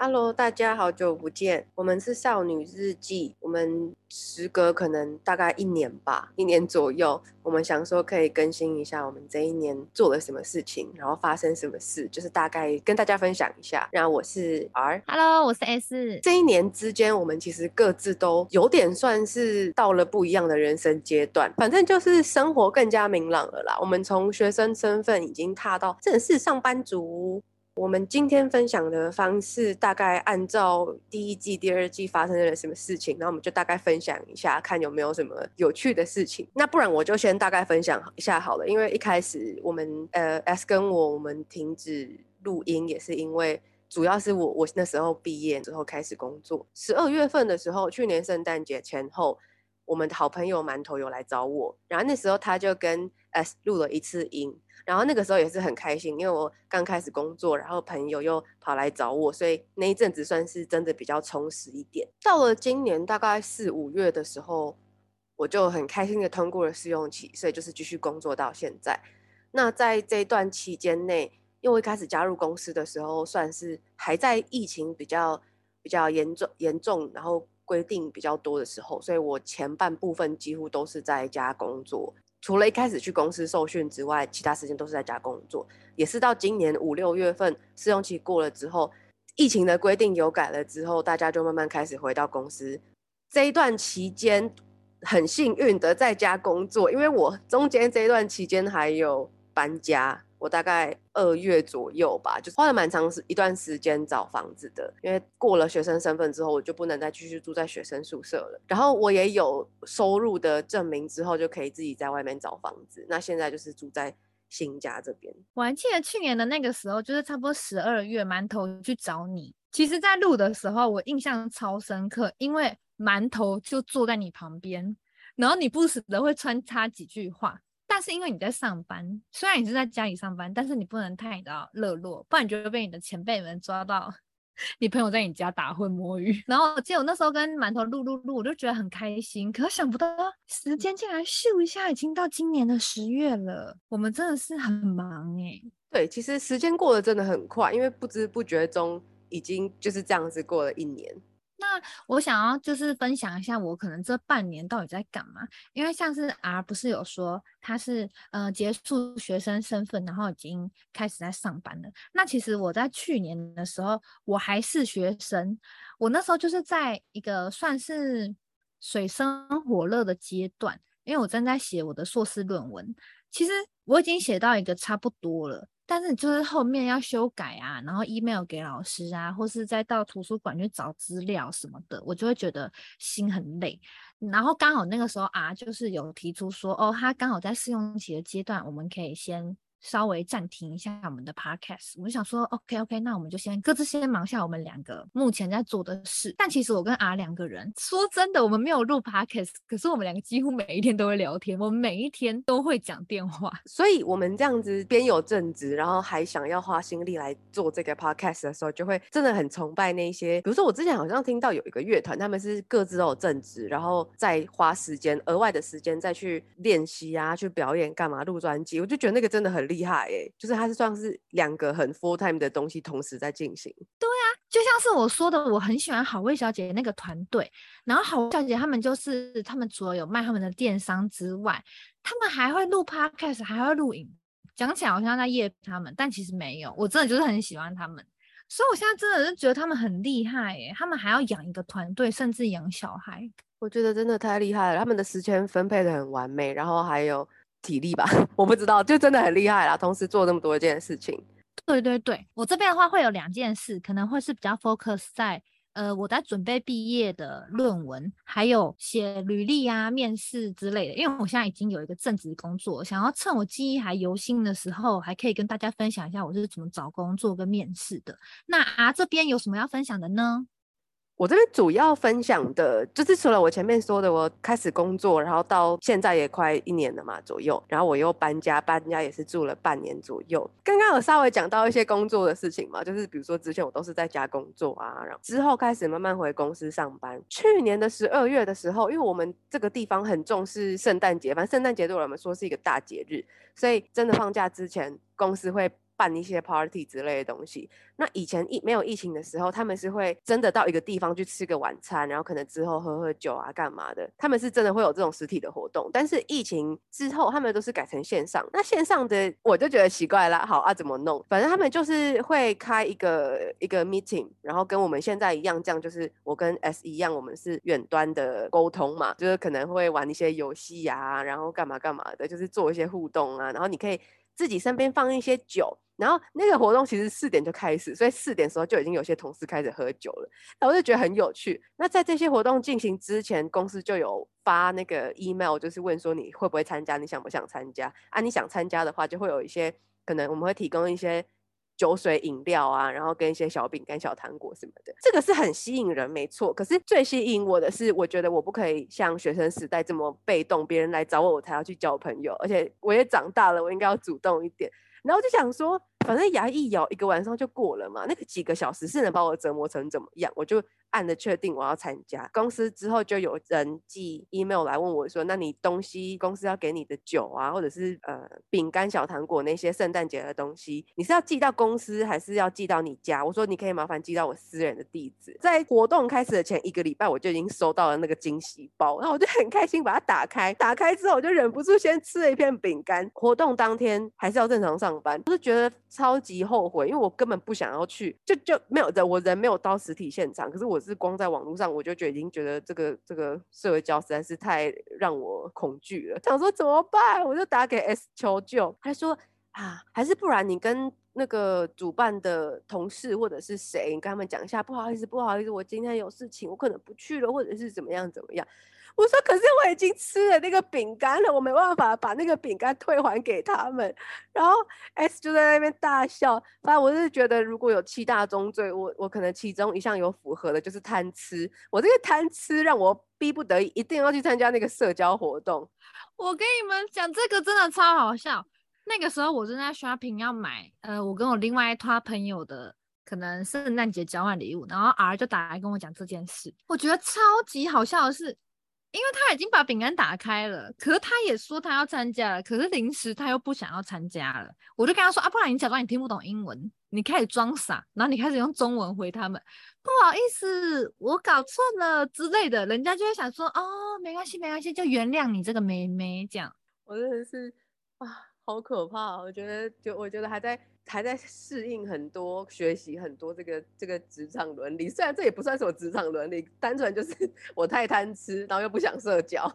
Hello，大家好久不見。我們是少女日記。我們時隔可能大概一年吧，一年左右。我們想說可以更新一下，我們這一年做了什麼事情，然後發生什麼事，就是大概跟大家分享一下。然後我是 R，Hello，我是 S。這一年之間，我們其實各自都有點算是到了不一樣的人生階段。反正就是生活更加明朗了啦。我們從學生身份已經踏到正式上班族。我們今天分享的方式大概按照第一季、第二季發生了什麼事情，然後我們就大概分享一下，看有沒有什麼有趣的事情。那不然我就先大概分享一下好了，因為一開始我們呃 S 跟我，我們停止錄音，也是因為主要是我，我那時候畢業之後開始工作，十二月份的時候，去年聖誕節前後，我們的好朋友饅頭有來找我，然後那時候他就跟 S 錄了一次音。然後那個時候也是很開心，因為我剛開始工作，然後朋友又跑來找我，所以那一陣子算是真的比較充實一點。到了今年大概四五月的時候，我就很開心的通過了試用期，所以就是繼續工作到現在。那在這段期間內，因為我一開始加入公司的時候，算是還在疫情比較比較嚴重嚴重，然後規定比較多的時候，所以我前半部分幾乎都是在家工作。除了一開始去公司受訓之外，其他時間都是在家工作。也是到今年五六月份試用期過了之後，疫情的規定有改了之後，大家就慢慢開始回到公司。這一段期間很幸運的在家工作，因為我中間這一段期間還有搬家。我大概二月左右吧，就花了蠻長時一段時間找房子的，因為過了學生身份之後，我就不能再繼續住在學生宿舍了。然後我也有收入的證明之後，就可以自己在外面找房子。那現在就是住在新家這邊。我還記得去年的那個時候，就是差不多十二月，饅頭去找你。其實，在錄的時候，我印象超深刻，因為饅頭就坐在你旁邊，然後你不時的會穿插幾句話。那是因為你在上班，雖然你是在家裡上班，但是你不能太的熱絡，不然就會被你的前輩們抓到。你朋友在你家打混摸魚，然後我記得我那時候跟饅頭錄錄錄，我就覺得很開心。可想不到時間竟然咻一下已經到今年的十月了，我們真的是很忙哎、欸。對，其實時間過得真的很快，因為不知不覺中已經就是這樣子過了一年。那我想要就是分享一下我可能這半年到底在幹嘛，因為像是 R 不是有說他是呃結束學生身份，然後已經開始在上班了。那其實我在去年的時候我還是學生，我那時候就是在一個算是水深火熱的階段，因為我正在寫我的碩士論文，其實我已經寫到一個差不多了。但是就是後面要修改啊，然後 email 給老師啊，或是再到圖書館去找資料什麼的，我就會覺得心很累。然後剛好那個時候啊，就是有提出說，哦，他剛好在試用期的階段，我們可以先。稍微暫停一下我們的 podcast，我就想說，OK OK，那我們就先各自先忙下我們兩個目前在做的事。但其實我跟 R 兩個人說真的，我們沒有錄 podcast，可是我們兩個幾乎每一天都會聊天，我們每一天都會講電話。所以我們這樣子邊有正職，然後還想要花心力來做這個 podcast 的時候，就會真的很崇拜那些。比如說我之前好像聽到有一個樂團，他們是各自都有正職，然後再花時間額外的時間再去練習啊，去表演幹嘛，錄專輯。我就覺得那個真的很。厲害耶、欸，就是它是算是兩個很 full time 的東西同時在進行。對啊，就像是我說的，我很喜歡好味小姐那個團隊。然後好味小姐他們就是，他們除了有賣他們的電商之外，他們還會錄 podcast，還會錄影。講起來好像在夜，他們，但其實沒有。我真的就是很喜歡他們，所以我現在真的是覺得他們很厲害耶、欸，他們還要養一個團隊，甚至養小孩，我覺得真的太厲害了。他們的時間分配得很完美，然後還有。體力吧，我不知道，就真的很厲害啦！同時做那麼多一件事情，對對對，我這邊的話會有兩件事，可能會是比較 focus 在呃我在準備畢業的論文，還有寫履歷啊、面試之類的。因為我現在已經有一個正職工作，想要趁我記憶還猶新的時候，還可以跟大家分享一下我是怎麼找工作跟面試的。那 R 這邊有什麼要分享的呢？我這邊主要分享的就是，除了我前面說的，我開始工作，然後到現在也快一年了嘛左右，然後我又搬家，搬家也是住了半年左右。剛剛有稍微講到一些工作的事情嘛，就是比如說之前我都是在家工作啊，然後之後開始慢慢回公司上班。去年的十二月的時候，因為我們這個地方很重視聖誕節，反正聖誕節對我們來說是一個大節日，所以真的放假之前，公司會。辦一些 party 之類的東西。那以前疫沒有疫情的時候，他們是會真的到一個地方去吃個晚餐，然後可能之後喝喝酒啊，幹嘛的，他們是真的會有這種實體的活動。但是疫情之後，他們都是改成線上。那線上的我就覺得奇怪啦，好啊，怎麼弄？反正他們就是會開一個一個 meeting，然後跟我們現在一樣，這樣就是我跟 S 一樣，我們是遠端的溝通嘛，就是可能會玩一些遊戲呀，然後幹嘛幹嘛的，就是做一些互動啊，然後你可以。自己身邊放一些酒，然後那個活動其實四點就開始，所以四點的時候就已經有些同事開始喝酒了。我就覺得很有趣。那在這些活動進行之前，公司就有發那個 email，就是問說你會不會參加，你想不想參加啊？你想參加的話，就會有一些可能我們會提供一些。酒水飲料啊，然後跟一些小餅乾、小糖果什麼的，這個是很吸引人，沒錯。可是最吸引我的是，我覺得我不可以像學生時代這麼被動，別人來找我，我才要去交朋友，而且我也長大了，我應該要主動一點。然後就想說。反正牙一咬，一個晚上就過了嘛。那個幾個小時是能把我折磨成怎麼樣？我就按了確定，我要參加。公司之後，就有人寄 email 來問我說：“那你東西公司要給你的酒啊，或者是呃餅乾、小糖果那些聖誕節的東西，你是要寄到公司，還是要寄到你家？”我說：“你可以麻煩寄到我私人的地址。”在活動開始的前一個禮拜，我就已經收到了那個驚喜包，然後我就很開心，把它打開。打開之後，我就忍不住先吃了一片餅乾。活動當天還是要正常上班，就是覺得。超級後悔，因為我根本不想要去，就就沒有的，我人沒有到實體現場，可是我是光在網絡上，我就覺得已經覺得這個這個社交實在是太讓我恐懼了，想說怎麼辦？我就打給 S 求救，他說啊，還是不然你跟那個主辦的同事或者是誰，你跟他們講一下，不好意思，不好意思，我今天有事情，我可能不去了，或者是怎麼樣怎麼樣。我說，可是我已經吃了那個餅乾了，我沒辦法把那個餅乾退還給他們。然後 S 就在那邊大笑。反正我是覺得，如果有七大宗罪，我我可能其中一項有符合的，就是貪吃。我這個貪吃讓我逼不得已一定要去參加那個社交活動。我跟你們講這個真的超好笑。那個時候我正在 shopping 要買，呃，我跟我另外一托朋友的可能聖誕節交換禮物，然後 R 就打來跟我講這件事。我覺得超級好笑的是。因為他已經把餅乾打開了，可是他也說他要參加了，可是臨時他又不想要參加了。我就跟他說啊，不然你假裝你聽不懂英文，你開始裝傻，然後你開始用中文回他們，不好意思，我搞錯了之類的。人家就會想說哦，沒關係，沒關係，就原諒你這個妹妹這樣。我真的是啊，好可怕，我覺得就我覺得還在。還在適應很多學習很多這個這個職場倫理，雖然這也不算什麼職場倫理，單純就是我太貪吃，然後又不想社交。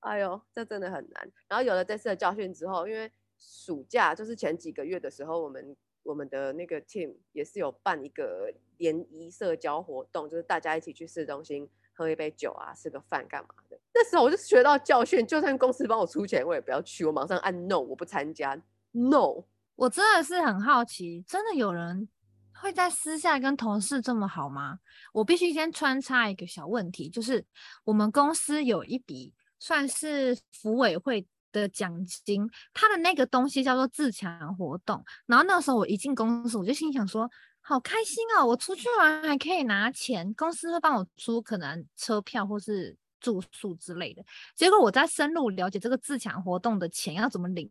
哎呦，這真的很難。然後有了這次的教訓之後，因為暑假就是前幾個月的時候，我們我們的那個 team 也是有辦一個聯誼社交活動，就是大家一起去市中心喝一杯酒啊，吃個飯幹嘛的。那時候我就學到教訓，就算公司幫我出錢，我也不要去，我馬上按 no，我不參加 no。我真的是很好奇，真的有人會在私下跟同事這麼好嗎？我必須先穿插一個小問題，就是我們公司有一筆算是福委會的獎金，它的那個東西叫做自強活動。然後那時候我一進公司，我就心想說：好開心哦，我出去玩還可以拿錢，公司會幫我出可能車票或是。住宿之類的，結果我在深入了解這個自強活動的錢要怎麼領，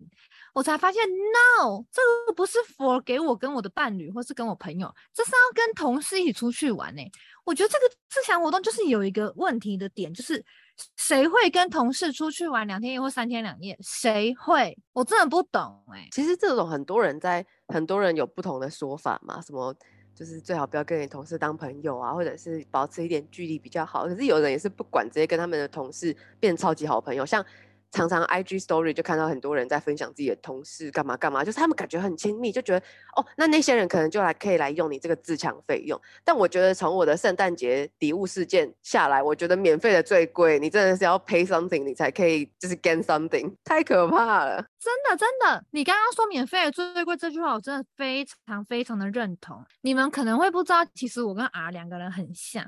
我才發現，no，這個不是 for 給我跟我的伴侶或是跟我朋友，這是要跟同事一起出去玩呢、欸。我覺得這個自強活動就是有一個問題的點，就是誰會跟同事出去玩兩天或三天兩夜？誰會？我真的不懂、欸。其實這種很多人在，很多人有不同的說法嘛，什麼？就是最好不要跟你同事當朋友啊，或者是保持一點距離比較好。可是有人也是不管，直接跟他們的同事變超級好朋友，像。常常 IG Story 就看到很多人在分享自己的同事幹嘛幹嘛，就是他們感覺很親密，就覺得哦，那那些人可能就來可以來用你這個自強費用。但我覺得從我的聖誕節禮物事件下來，我覺得免費的最貴，你真的是要 pay something 你才可以就是 gain something，太可怕了，真的真的。你剛剛說免費的最貴這句話，我真的非常非常的認同。你們可能會不知道，其實我跟 R 兩個人很像，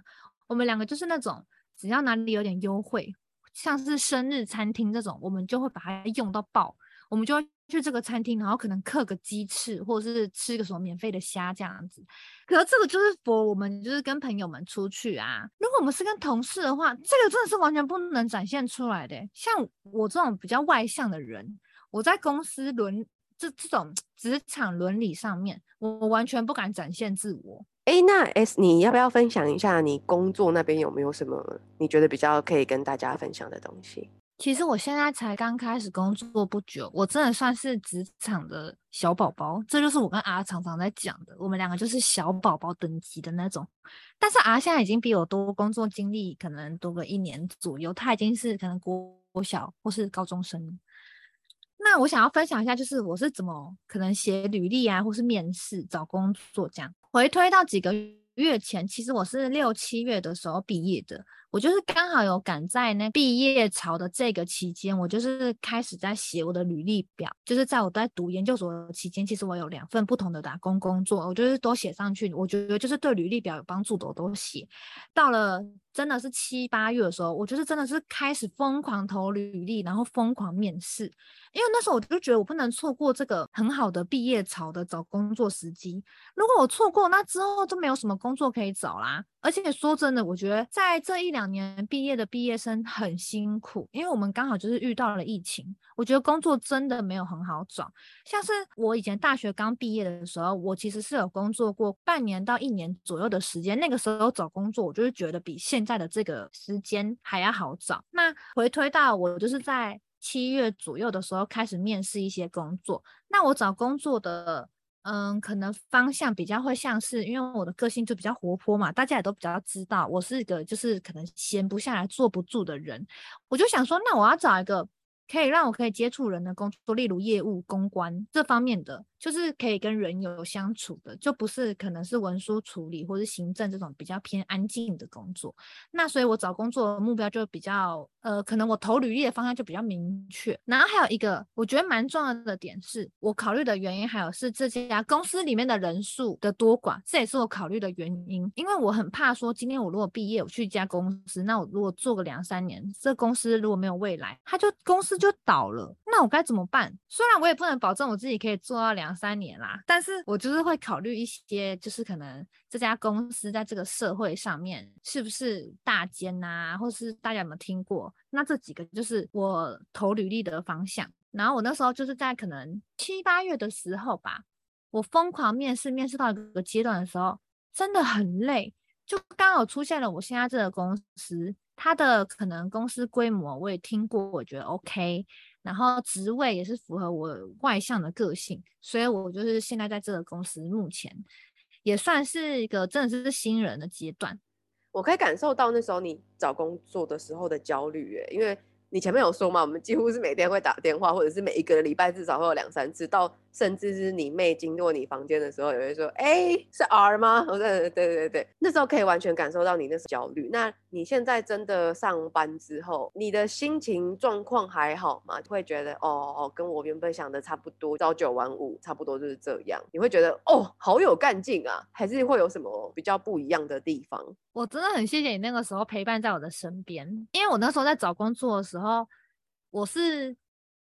我們兩個就是那種只要哪裡有點優惠。像是生日餐廳這種，我們就會把它用到爆，我們就要去這個餐廳，然後可能刻個雞翅，或者是吃個什麼免費的蝦這樣子。可是這個就是說，我們就是跟朋友們出去啊。如果我們是跟同事的話，這個真的是完全不能展現出來的。像我這種比較外向的人，我在公司倫這這種職場倫理上面，我完全不敢展現自我。哎，那 S，你要不要分享一下你工作那邊有沒有什麼你覺得比較可以跟大家分享的東西？其實我現在才剛開始工作不久，我真的算是職場的小寶寶。這就是我跟 R 常常在講的，我們兩個就是小寶寶等級的那種。但是 R 現在已經比我多工作經歷，可能多個一年左右，他已經是可能國小或是高中生。那我想要分享一下，就是我是怎麼可能寫履歷啊，或是面試找工作這樣。回推到幾個月前，其實我是六七月的時候畢業的，我就是剛好有趕在那畢業潮的這個期間，我就是開始在寫我的履歷表。就是在我在讀研究所期間，其實我有兩份不同的打工工作，我就是都寫上去，我覺得就是對履歷表有幫助的我都寫。到了，真的是七八月的時候，我就是真的是開始瘋狂投履歷，然後瘋狂面試，因為那時候我就覺得我不能錯過這個很好的畢業潮的找工作時機。如果我錯過，那之後就沒有什麼工作可以找啦。而且說真的，我覺得在這一兩年畢業的畢業生很辛苦，因為我們剛好就是遇到了疫情。我覺得工作真的沒有很好找。像是我以前大學剛畢業的時候，我其實是有工作過半年到一年左右的時間。那個時候找工作，我就是覺得比現在的這個時間還要好找。那回推到我就是在七月左右的時候開始面試一些工作，那我找工作的。嗯，可能方向比較會像是，因為我的個性就比較活潑嘛，大家也都比較知道我是一個就是可能閒不下來、坐不住的人。我就想說，那我要找一個。可以讓我可以接觸人的工作，例如業務、公關這方面的，就是可以跟人有相處的，就不是可能是文書處理或是行政這種比較偏安靜的工作。那所以，我找工作的目標就比較，呃，可能我投履歷的方向就比較明確。然後還有一個我覺得蠻重要的點是，我考慮的原因還有是這家公司裡面的人數的多寡，這也是我考慮的原因，因為我很怕說今天我如果畢業，我去一家公司，那我如果做個兩三年，這公司如果沒有未來，他就公司。就倒了，那我該怎麼辦？雖然我也不能保證我自己可以做到兩三年啦，但是我就是會考慮一些，就是可能這家公司在這個社會上面是不是大間吶、啊，或是大家有沒有聽過？那這幾個就是我投履歷的方向。然後我那時候就是在可能七八月的時候吧，我瘋狂面試，面試到一個階段的時候，真的很累，就剛好出現了我現在這個公司。他的可能公司規模我也聽過，我覺得 OK，然後職位也是符合我外向的個性，所以我就是現在在這個公司，目前也算是一個真的是新人的階段。我可以感受到那時候你找工作的時候的焦慮，欸，因為你前面有說嘛，我們幾乎是每天會打電話，或者是每一個禮拜至少會有兩三次到。甚至是你妹經過你房間的時候，有人說：“哎、欸，是 R 嗎?”我說，對對對對對，那時候可以完全感受到你那焦慮。那你現在真的上班之後，你的心情狀況還好嗎？會覺得哦哦，跟我原本想的差不多，朝九晚五，差不多就是這樣。你會覺得哦，好有幹勁啊？還是會有什麼比較不一樣的地方？我真的很謝謝你那個時候陪伴在我的身邊，因為我那時候在找工作的時候，我是。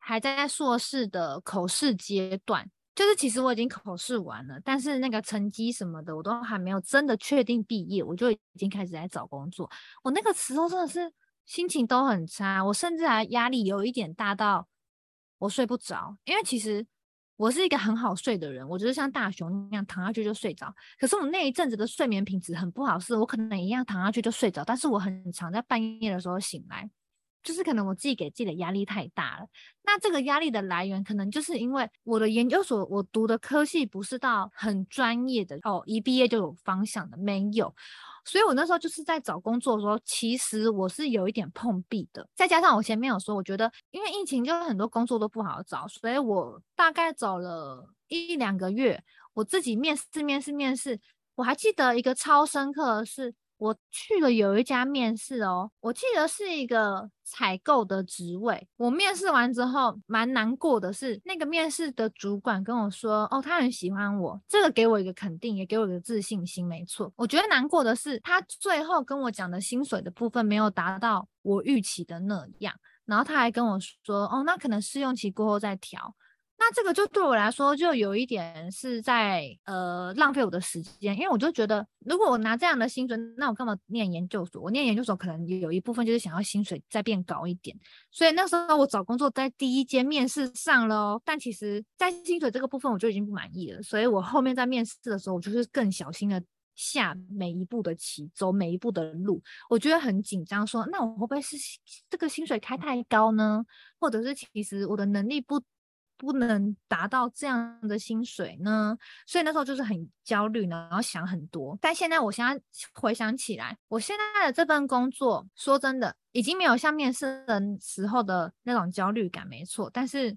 還在碩士的口試階段，就是其實我已經口試完了，但是那個成績什麼的我都還沒有真的確定畢業，我就已經開始在找工作。我那個時候真的是心情都很差，我甚至還壓力有一點大到我睡不着，因為其實我是一個很好睡的人，我就是像大雄那樣躺下去就睡着。可是我那一陣子的睡眠品質很不好，是，我可能一樣躺下去就睡着，但是我很常在半夜的時候醒來。就是可能我自己給自己的壓力太大了，那這個壓力的來源可能就是因為我的研究所，我讀的科系不是到很專業的哦，一畢業就有方向的沒有，所以我那時候就是在找工作的時候，其實我是有一點碰壁的，再加上我前面有說，我覺得因為疫情就是很多工作都不好找，所以我大概找了一兩個月，我自己面試面試面試，我還記得一個超深刻的事。我去了有一家面試哦，我記得是一個採購的職位。我面試完之後，蠻難過的是，那個面試的主管跟我說，哦，他很喜歡我，這個給我一個肯定，也給我一個自信心，沒錯。我覺得難過的是，他最後跟我講的薪水的部分沒有達到我預期的那樣，然後他還跟我說，哦，那可能試用期過後再調。那這個就對我來說，就有一點是在呃浪費我的時間，因為我就覺得，如果我拿這樣的薪水，那我幹嘛念研究所？我念研究所可能有一部分就是想要薪水再變高一點。所以那時候我找工作，在第一間面試上咯，但其實，在薪水這個部分，我就已經不滿意了。所以我後面在面試的時候，我就是更小心的下每一步的棋，走每一步的路。我就會很緊張說，說那我會不會是這個薪水開太高呢？或者是其實我的能力不？不能達到這樣的薪水呢，所以那時候就是很焦慮呢，然後想很多。但現在我現在回想起來，我現在的這份工作，說真的，已經沒有像面試的時候的那種焦慮感，沒錯。但是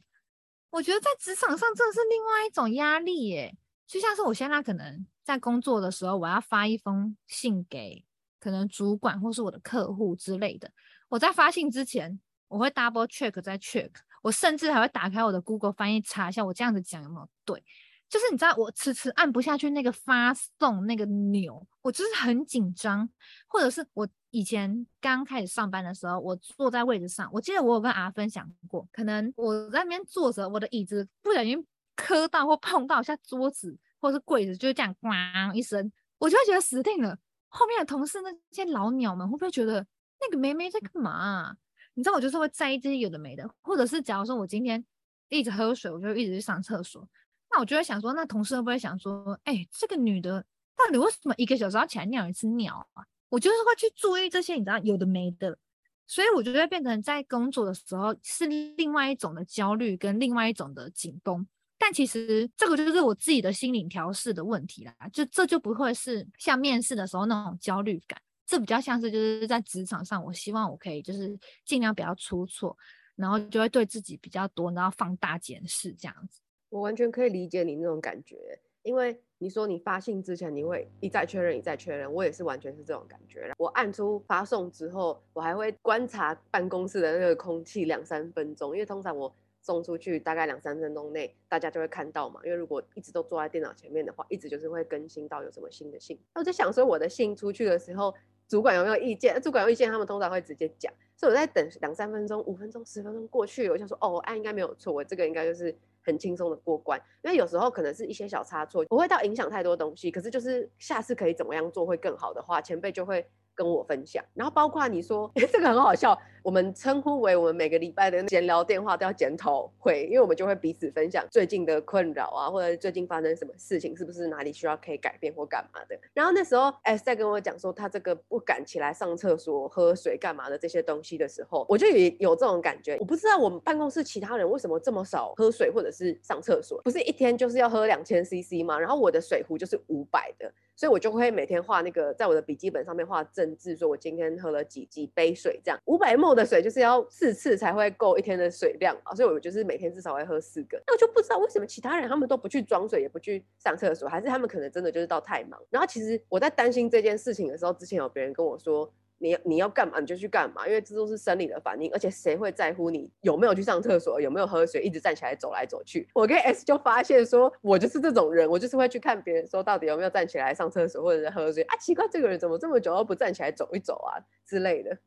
我覺得在職場上這是另外一種壓力耶。就像是我現在可能在工作的時候，我要發一封信給可能主管或是我的客戶之類的，我在發信之前，我會 double check 再 check。我甚至還會打開我的 Google 翻譯查一下，我這樣子講有沒有對？就是你知道，我遲遲按不下去那個發送那個鈕，我就是很緊張。或者是我以前剛開始上班的時候，我坐在位置上，我記得我有跟阿分享過，可能我在那邊坐着，我的椅子不小心磕到或碰到一下桌子或者是櫃子，就是這樣咣一聲，我就會覺得死定了。後面的同事那些老鳥們會不會覺得那個妹妹在幹嘛啊？你知道我就是會在意這些有的沒的，或者是假如說我今天一直喝水，我就一直去上廁所，那我就會想說，那同事會不會想說，哎，這個女的到底為什麼一個小時要起來尿一次尿啊？我就是會去注意這些，你知道有的沒的，所以我覺得變成在工作的時候是另外一種的焦慮跟另外一種的緊繃，但其實這個就是我自己的心理調試的問題啦，就這就不會是像面試的時候那種焦慮感。這比較像是就是在職場上，我希望我可以就是儘量不要出錯，然後就會對自己比較多，然後放大檢視這樣子。我完全可以理解你那種感覺，因為你說你發信之前你會一再確認，一再確認，我也是完全是這種感覺。我按出發送之後，我還會觀察辦公室的那個空氣兩三分鐘，因為通常我送出去大概兩三分鐘內大家就會看到嘛。因為如果一直都坐在電腦前面的話，一直就是會更新到有什麼新的信。那我在想說，我的信出去的時候。主管有沒有意見？主管有意見，他們通常會直接講。所以我在等兩三分鐘、五分鐘、十分鐘過去了，我想說，哦，按、啊、應該沒有錯，我這個應該就是很輕鬆的過關。因為有時候可能是一些小差錯，不會到影響太多東西。可是就是下次可以怎麼樣做會更好的話，前輩就會跟我分享。然後包括你說，哎、欸，這個很好笑。 我們稱呼為我們每個禮拜的閒聊電話都要檢討會，因為我們就會彼此分享最近的困擾啊，或者最近發生什麼事情，是不是哪裡需要可以改變或幹嘛的。然後那時候 S 在跟我講說他這個不敢起來上廁所、喝水幹嘛的這些東西的時候，我就也有這種感覺。我不知道我們辦公室其他人為什麼這麼少喝水或者是上廁所，不是一天就是要喝兩千 CC 嗎？然後我的水壺就是五百的，所以我就會每天畫那個在我的筆記本上面畫正字，說我今天喝了幾幾杯水這樣，五百 ml。的水就是要四次才會夠一天的水量啊，所以我就是每天至少會喝四個。那我就不知道為什麼其他人他們都不去裝水，也不去上廁所，還是他們可能真的就是到太忙。然後其實我在擔心這件事情的時候，之前有別人跟我說：“你你要幹嘛你就去幹嘛，因為這都是生理的反應，而且誰會在乎你有沒有去上廁所，有沒有喝水，一直站起來走來走去。”我跟 S 就發現說：“我就是這種人，我就是會去看別人說到底有沒有站起來上廁所，或者是喝水啊？奇怪，這個人怎麼這麼久都不站起來走一走啊之類的。”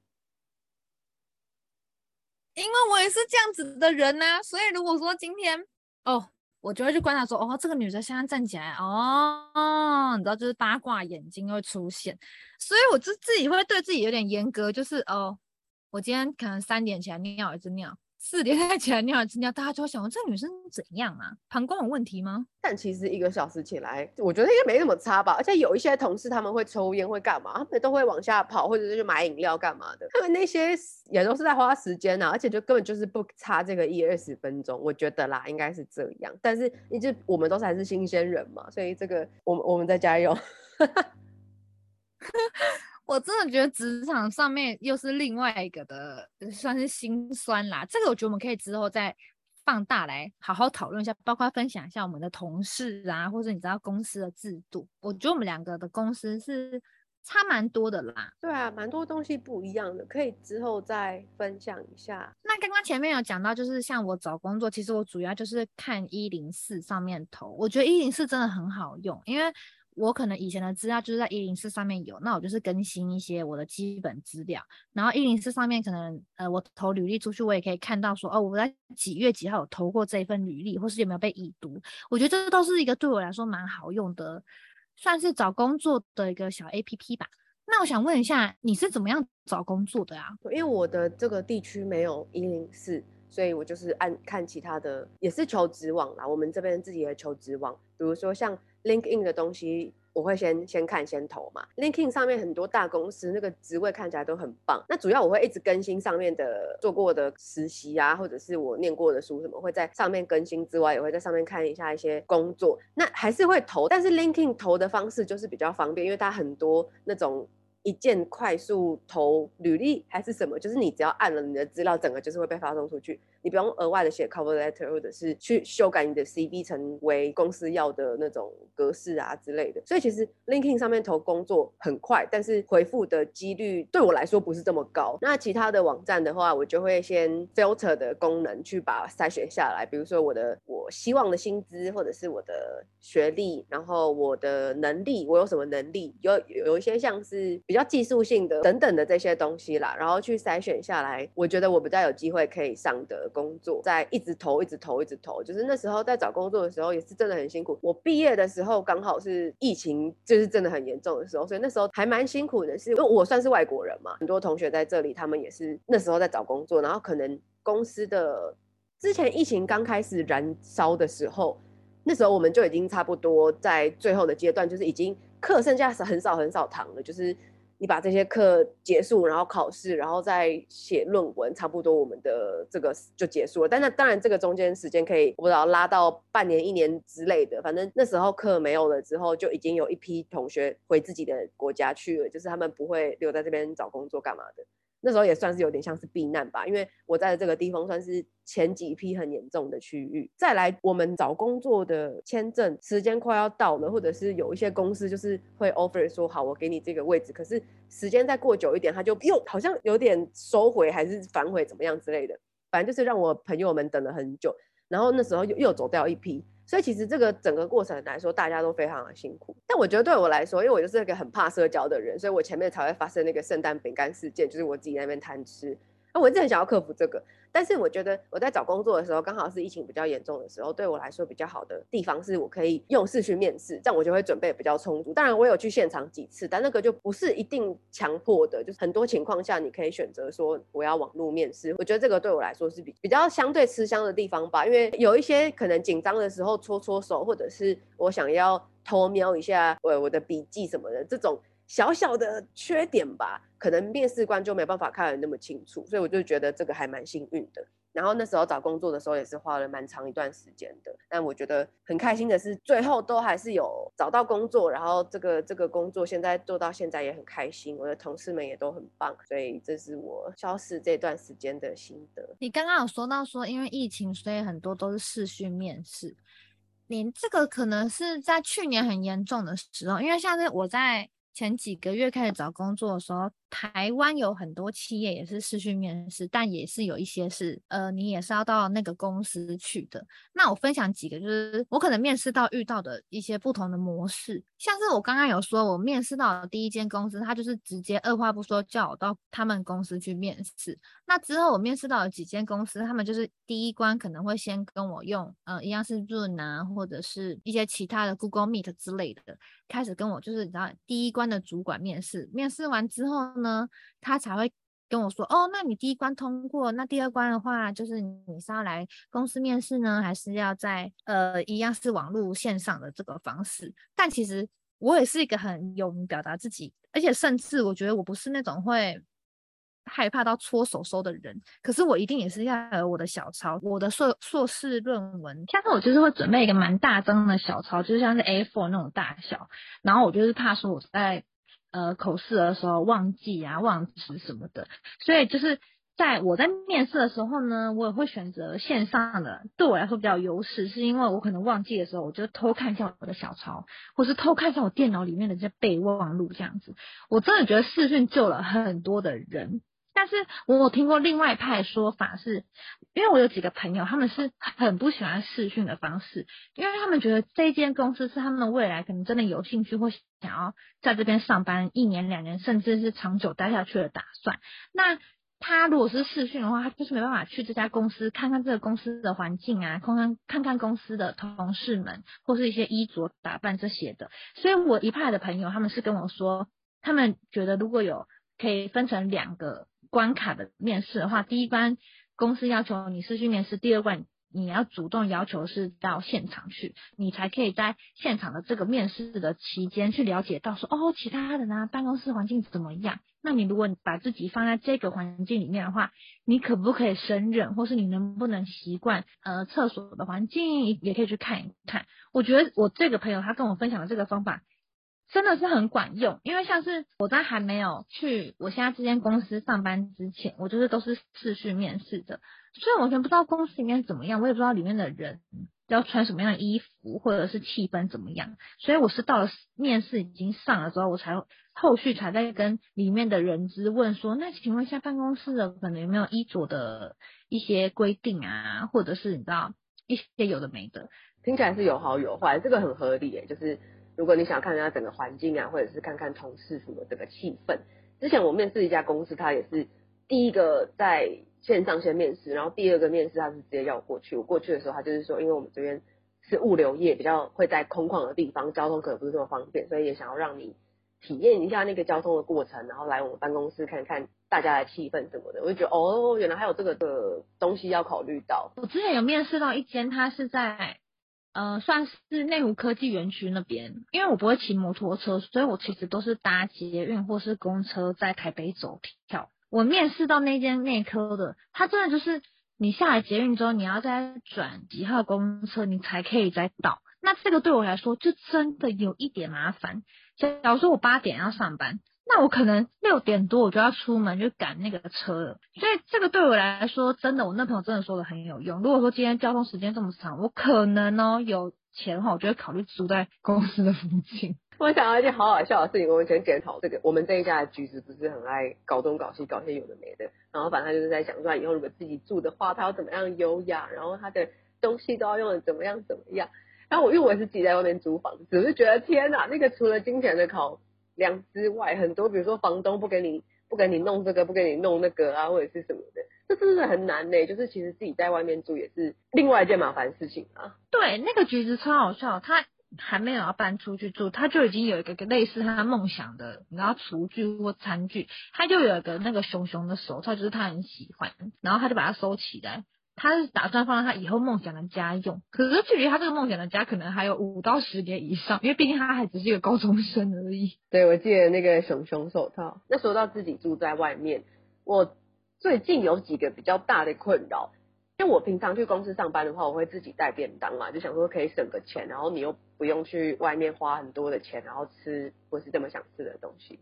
因為我也是這樣子的人吶、啊，所以如果說今天哦，我就會去觀察說，哦，這個女生現在站起來哦，你知道就是八卦眼睛會出現，所以我就自己會對自己有點嚴格，就是哦，我今天可能三點起來尿一次尿。四點起來尿一次尿，大家就會想，這女生怎樣啊？膀胱有問題嗎？但其實一個小時起來，我覺得應該沒什麼差吧。而且有一些同事他們會抽煙，會幹嘛？他們都會往下跑，或者是去買飲料幹嘛的。他們那些也都是在花時間呢、啊，而且就根本就是不差這個一二十分鐘。我覺得啦，應該是這樣。但是一直我們都是還是新鮮人嘛，所以這個我們我們再加油。 我真的覺得職場上面又是另外一個的，算是心酸啦。這個我覺得我們可以之後再放大來好好討論一下，包括分享一下我們的同事啊，或者你知道公司的制度。我覺得我們兩個的公司是差蠻多的啦。對啊，蠻多東西不一樣的，可以之後再分享一下。那剛剛前面有講到，就是像我找工作，其實我主要就是看一零四上面投。我覺得一零四真的很好用，因為。我可能以前的資料就是在一零四上面有，那我就是更新一些我的基本資料。然後一零四上面可能，呃，我投履歷出去，我也可以看到說，哦，我在幾月幾號有投過這一份履歷，或是有沒有被已讀。我覺得這都是一個對我來說蠻好用的，算是找工作的一個小 APP 吧。那我想問一下，你是怎麼樣找工作的啊？因為我的這個地區沒有一零四。所以我就是按看其他的，也是求職網啦。我們這邊自己的求職網，比如說像 LinkedIn 的東西，我會先先看先投嘛。LinkedIn 上面很多大公司那個職位看起來都很棒。那主要我會一直更新上面的做過的實習啊，或者是我念過的書什麼，會在上面更新之外，也會在上面看一下一些工作。那還是會投，但是 LinkedIn 投的方式就是比較方便，因為它很多那種。一鍵快速投履歷還是什麼，就是你只要按了你的資料，整個就是會被發送出去。你不用額外的寫 cover letter，或者是去修改你的 CV 成為公司要的那種格式啊之類的。所以其實 LinkedIn 上面投工作很快，但是回復的幾率對我來說不是這麼高。那其他的網站的話，我就會先 filter 的功能去把篩選下來，比如說我的我希望的薪資，或者是我的學歷，然後我的能力，我有什麼能力，有有一些像是比較技術性的等等的這些東西啦，然後去篩選下來，我覺得我比較有機會可以上的。工作在一直投，一直投，一直投。就是那時候在找工作的時候，也是真的很辛苦。我畢業的時候剛好是疫情，就是真的很嚴重的時候，所以那時候還蠻辛苦的是，因為我算是外國人嘛，很多同學在這裡，他們也是那時候在找工作。然後可能公司的之前疫情剛開始燃燒的時候，那時候我們就已經差不多在最後的階段，就是已經課剩下是很少很少堂了，就是。你把這些課結束，然後考試，然後再寫論文，差不多我們的這個就結束了。但那當然，這個中間時間可以我不知道拉到半年、一年之類的。反正那時候課沒有了之後，就已經有一批同學回自己的國家去了，就是他們不會留在這邊找工作幹嘛的。那時候也算是有點像是避難吧，因為我在這個地方算是前幾批很嚴重的區域。再來，我們找工作的簽證時間快要到了，或者是有一些公司就是會 offer 說好，我給你這個位置，可是時間再過久一點，他就又好像有點收回還是反悔怎麼樣之類的，反正就是讓我朋友們等了很久，然後那時候又又走掉一批。所以其實這個整個過程來說，大家都非常的辛苦。但我覺得對我來說，因為我就是一個很怕社交的人，所以我前面才會發生那個聖誕餅乾事件，就是我自己那邊貪吃。我真的很想要克服這個，但是我覺得我在找工作的時候，剛好是疫情比較嚴重的時候，對我來說比較好的地方是我可以用試去面試，這樣我就會準備比較充足。當然，我有去現場幾次，但那個就不是一定強迫的，就是很多情況下你可以選擇說我要網絡面試。我覺得這個對我來說是比比較相對吃香的地方吧，因為有一些可能緊張的時候搓搓手，或者是我想要偷瞄一下我我的筆記什麼的這種。小小的缺點吧，可能面試官就沒辦法看得那麼清楚，所以我就覺得這個還蠻幸運的。然後那時候找工作的時候也是花了蠻長一段時間的，但我覺得很開心的是，最後都還是有找到工作。然後這個這個工作現在做到現在也很開心，我的同事們也都很棒，所以這是我消失這段時間的心得。你剛剛有說到說，因為疫情，所以很多都是視訊面試。你這個可能是在去年很嚴重的時候，因為像是我在。前幾個月開始找工作的時候，台灣有很多企業也是視訊面試，但也是有一些是，呃，你也是要到那個公司去的。那我分享幾個，就是我可能面試到遇到的一些不同的模式，像是我剛剛有說，我面試到的第一間公司，他就是直接二話不說叫我到他們公司去面試。那之後我面試到的幾間公司，他們就是第一關可能會先跟我用，呃，一樣是 Zoom 啊或者是一些其他的 Google Meet 之類的。開始跟我就是然後第一關的主管面試，面試完之後呢，他才會跟我說：“哦，那你第一關通過，那第二關的話，就是你是要來公司面試呢，還是要在呃一樣是網絡線上的這個方式？”但其實我也是一個很勇於表達自己，而且甚至我覺得我不是那種會。害怕到搓手手的人，可是我一定也是要有我的小抄，我的碩碩士論文。像我就是會準備一個蠻大張的小抄，就像是 A4 那種大小。然後我就是怕說我在呃口試的時候忘記啊、忘詞什麼的，所以就是在我在面試的時候呢，我也會選擇線上的。對我來說比較優勢，是因為我可能忘記的時候，我就偷看一下我的小抄，或是偷看一下我電腦裡面的這些備忘錄這樣子。我真的覺得視訊救了很多的人。但是我有聽過另外一派說法是，是因為我有幾個朋友，他們是很不喜歡視訊的方式，因為他們覺得這一間公司是他們的未來，可能真的有興趣或想要在這邊上班一年、兩年，甚至是長久待下去的打算。那他如果是視訊的話，他就是沒辦法去這家公司看看這個公司的環境啊，看看看看公司的同事們或是一些衣着打扮這些的。所以我一派的朋友，他們是跟我說，他們覺得如果有可以分成兩個。關卡的面試的話，第一關公司要求你是去面試，第二關你要主動要求是到現場去，你才可以在現場的這個面試的期間去了解到說哦，其他的呢辦公室環境怎麼樣？那你如果你把自己放在這個環境裡面的話，你可不可以勝任，或是你能不能習慣呃廁所的環境，也可以去看一看。我覺得我這個朋友他跟我分享的這個方法，真的是很管用，因為像是我在還沒有去我現在這間公司上班之前，我就是都是視訊面試的，所以完全不知道公司裡面是怎麼樣，我也不知道裡面的人要穿什麼樣的衣服，或者是氣氛怎麼樣，所以我是到了面試已經上了之後，我才後續才在跟裡面的人質問說，那請問一下辦公室的可能有沒有衣着的一些規定啊，或者是你知道一些有的沒的，聽起來是有好有壞，這個很合理誒、欸，就是。如果你想要看一下整個環境啊，或者是看看同事什麼這個氣氛，之前我面試一家公司，他也是第一個在線上先面試，然後第二個面試他是直接要我過去。我過去的時候，他就是說，因為我們這邊是物流業，比較會在空曠的地方，交通可能不是這麼方便，所以也想要讓你體驗一下那個交通的過程，然後來我們辦公室看看大家的氣氛什麼的。我就覺得，哦，原來還有這個的東西要考慮到。我之前有面試到一間，他是在。呃，算是內湖科技園區那邊，因為我不會騎摩托車，所以我其實都是搭捷運或是公車在台北走跳。我面試到那間內科的，他真的就是你下來捷運之後，你要再轉幾號公車，你才可以再到。那這個對我來說就真的有一點麻煩。假如說我八點要上班。那我可能六點多我就要出門，就趕那個車了。所以這個對我來說真的，我那朋友真的說的很有用。如果說今天交通時間這麼長，我可能呢、喔、有錢的話，我就會考慮租在公司的附近。我想到一件好好笑的事情，我們先檢討這個。我們這一家的橘子不是很愛搞東搞西，搞些有的沒的。然後反正就是在想說，以後，如果自己住的話，他要怎麼樣優雅，然後他的東西都要用的怎麼樣怎麼樣。然後我因為我是自己在外面租房子，只是覺得天哪、啊，那個除了金錢的考。量之外，很多，比如說房東不給你不給你弄這個，不給你弄那個啊，或者是什麼的，這真的是很難呢、欸。就是其實自己在外面住也是另外一件麻煩事情啊。對，那個橘子超好笑，他還沒有要搬出去住，他就已經有一個類似他夢想的，你知道廚具或餐具，他就有一個那個熊熊的手套，它就是他很喜歡，然後他就把它收起來。他是打算放在他以後夢想的家用，可是距離他這個夢想的家可能還有五到十年以上，因為畢竟他還只是一個高中生而已。對，我記得那個熊熊手套。那說到自己住在外面，我最近有幾個比較大的困擾，因為我平常去公司上班的話，我會自己帶便當嘛，就想說可以省個錢，然後你又不用去外面花很多的錢，然後吃不是這麼想吃的東西。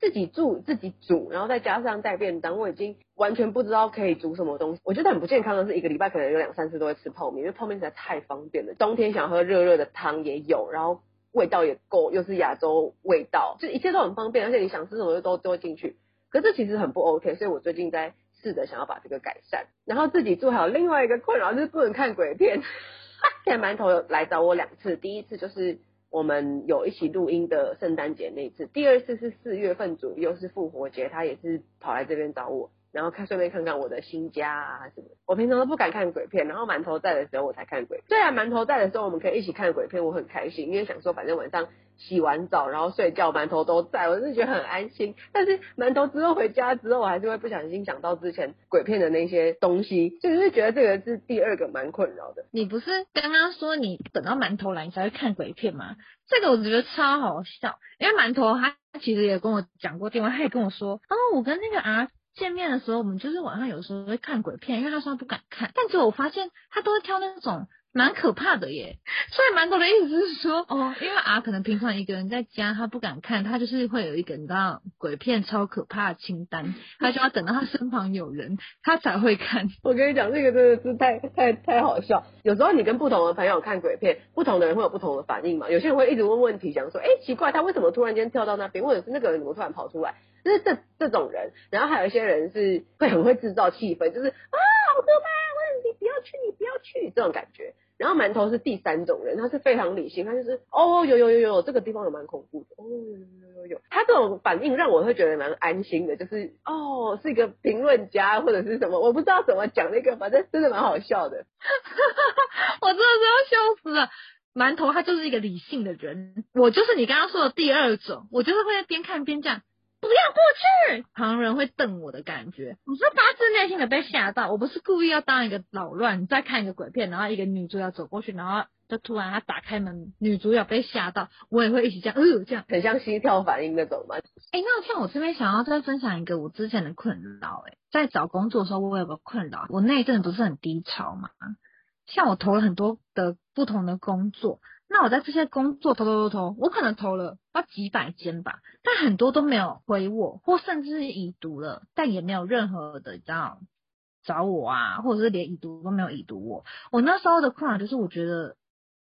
自己住自己煮，然後再加上帶便當，我已經完全不知道可以煮什麼東西。我覺得很不健康的是，一個禮拜可能有兩三次都會吃泡麵，因為泡面實在太方便了。冬天想喝熱熱的湯也有，然後味道也夠，又是亞洲味道，就一切都很方便，而且你想吃什麼就都都會進去。可這其實很不 OK，所以我最近在試着想要把這個改善。然後自己住還有另外一個困擾就是不能看鬼片， 現在饅頭有來找我兩次，第一次就是。我們有一起錄音的聖誕節那一次，第二次是四月份左右，又是復活節，他也是跑來這邊找我。然後看順便看看我的新家啊什麼，我平常都不敢看鬼片，然後饅頭在的時候我才看鬼。雖然饅頭在的時候我們可以一起看鬼片，我很開心，因為想說反正晚上洗完澡然後睡覺，饅頭都在，我是覺得很安心。但是饅頭之後回家之後，我還是會不小心想到之前鬼片的那些東西，就是覺得這個是第二個蠻困擾的。你不是剛剛說你等到饅頭來你才會看鬼片嗎？這個我覺得超好笑，因為饅頭他其實也跟我講過電話，他也跟我說，哦，我跟那個啊。見面的時候，我們就是晚上有時候會看鬼片，因為他說他不敢看，但結果我發現他都會挑那種。蠻可怕的耶，所以蠻多的意思是說，哦，因為啊，可能平常一個人在家，他不敢看，他就是會有一個你知道鬼片超可怕的清單，他就要等到他身旁有人，他才會看 我跟你講，這個真的是太太太好笑。有時候你跟不同的朋友看鬼片，不同的人會有不同的反應嘛。有些人會一直問問題，想說，哎，奇怪，他為什麼突然間跳到那邊，或者是那個人怎麼突然跑出來？就是這這種人。然後還有一些人是會很會制造氣氛，就是啊，好可怕。你不要去，你不要去，這種感覺。然後饅頭是第三種人，他是非常理性，他就是哦，有有有有，這個地方有蠻恐怖的，哦，有有，有有有。他這種反應讓我會覺得蠻安心的，就是哦，是一個評論家或者是什麼，我不知道怎麼講那個，反正真的蠻好笑的。 我真的是要笑死了。饅頭他就是一個理性的人，我就是你剛剛說的第二種，我就是會在邊看邊講。不要過去，旁人會瞪我的感覺。我是發自內心的被嚇到，我不是故意要當一個擾亂。你再看一個鬼片，然後一個女主角走過去，然後就突然她打開門，女主角被嚇到，我也會一起這樣，嗯、呃，這樣很像心跳反應那種嘛。哎、欸，那像我，我這邊想要再分享一個我之前的困擾，哎，在找工作的時候我有個有困擾，我那一陣不是很低潮嘛，像我投了很多的不同的工作。那我在這些工作投投投投，我可能投了要幾百間吧，但很多都沒有回我，或甚至是已讀了，但也沒有任何的這找我啊，或者是連已讀都沒有已讀我。我那時候的困擾就是，我覺得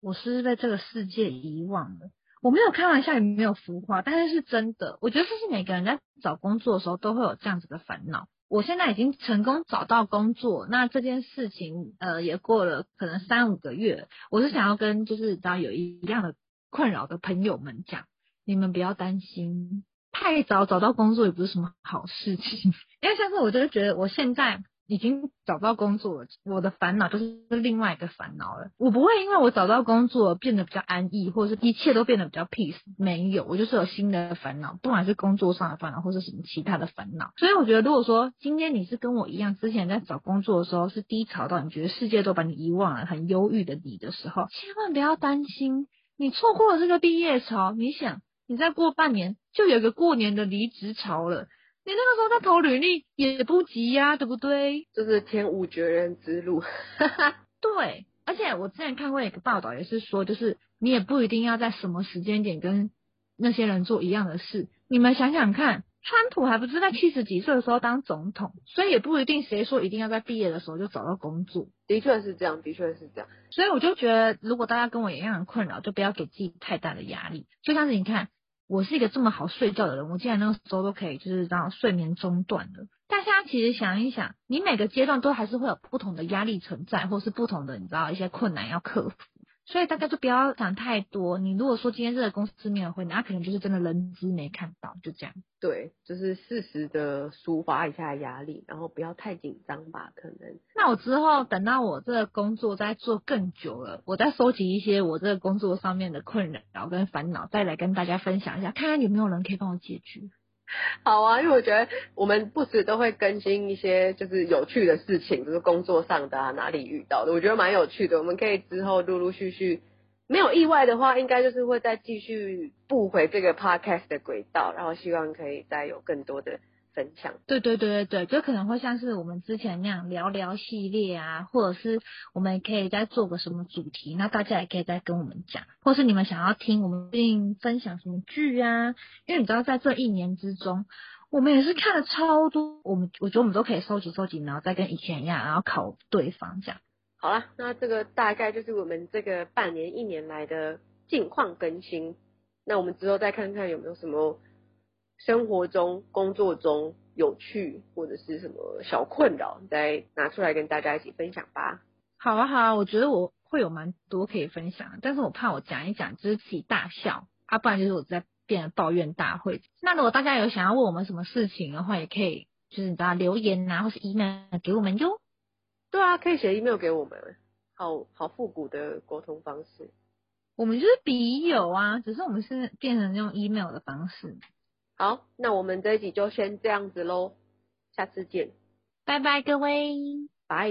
我是不是在這個世界遺忘了，我沒有開玩笑也沒有浮誇，但是是真的。我覺得這是每個人在找工作的時候都會有這樣子的煩惱。我現在已經成功找到工作，那這件事情，呃，也過了可能三五個月。我是想要跟就是大家有一樣的困擾的朋友們講，你們不要擔心，太早找到工作也不是什麼好事情，因為上次我就是覺得我現在。已經找不到工作了，我的煩惱就是另外一個煩惱了。我不會因為我找到工作變得比較安逸，或者是一切都變得比較 peace，沒有，我就是有新的煩惱，不管是工作上的煩惱或是什麼其他的煩惱。所以我覺得，如果說今天你是跟我一樣，之前在找工作的時候是低潮到你覺得世界都把你遺忘了，很憂鬱的你的時候，千萬不要擔心，你錯過了這個畢業潮，你想，你再過半年就有個過年的離職潮了。你那個時候在投履歷也不急呀，對不對？就是天無絕人之路，哈哈。對。而且我之前看過一個報道，也是說，就是你也不一定要在什麼時間點跟那些人做一樣的事。你們想想看，川普還不是在七十幾歲的時候當總統，所以也不一定誰說一定要在畢業的時候就找到工作。的確是這樣，的確是這樣。所以我就覺得，如果大家跟我一樣困擾，就不要給自己太大的壓力。就像是你看。我是一個這麼好睡覺的人，我竟然，那個時候都可以就是讓睡眠中斷了。大家其實想一想，你每個階段都還是會有不同的壓力存在，或是不同的你知道一些困難要克服。所以大家就不要想太多。你如果說今天這個公司面會，那、啊、可能就是真的人資沒看到，就這樣。對，就是適時的抒發一下壓力，然後不要太緊張吧，可能。那我之後等到我這個工作再做更久了，我再收集一些我這個工作上面的困擾，然後跟煩惱，再來跟大家分享一下，看看有沒有人可以幫我解決。好啊，因為我覺得我們不時都會更新一些就是有趣的事情，就是工作上的啊，哪裡遇到的，我覺得蠻有趣的。我們可以之後陸陸續續，沒有意外的話，應該就是會再繼續步回這個 podcast 的軌道，然後希望可以再有更多的。分享。對對對對對，就可能會像是我們之前那樣聊聊系列啊，或者是我們可以再做個什麼主題，那大家也可以再跟我們講，或是你們想要聽我們並分享什麼劇啊？因為你知道在這一年之中，我們也是看了超多，我們我覺得我們都可以收集收集，然後再跟以前一樣，然後考對方講。好啦，那這個大概就是我們這個半年一年來的近況更新。那我們之後再看看有沒有什麼。生活中、工作中有趣，或者是什麼小困擾，你再拿出來跟大家一起分享吧。好啊，好啊，我覺得我會有蠻多可以分享，但是我怕我講一講就是自己大笑啊，不然就是我在變得抱怨大會。那如果大家有想要問我們什麼事情的話，也可以就是大家留言啊，或是 email 啊給我們喲。對啊，可以寫 email 給我們，好好復古的溝通方式。我們就是筆友啊，只是我們現在變成用 email 的方式。好，那我們這一集就先這樣子嘍，下次見，拜拜各位，拜。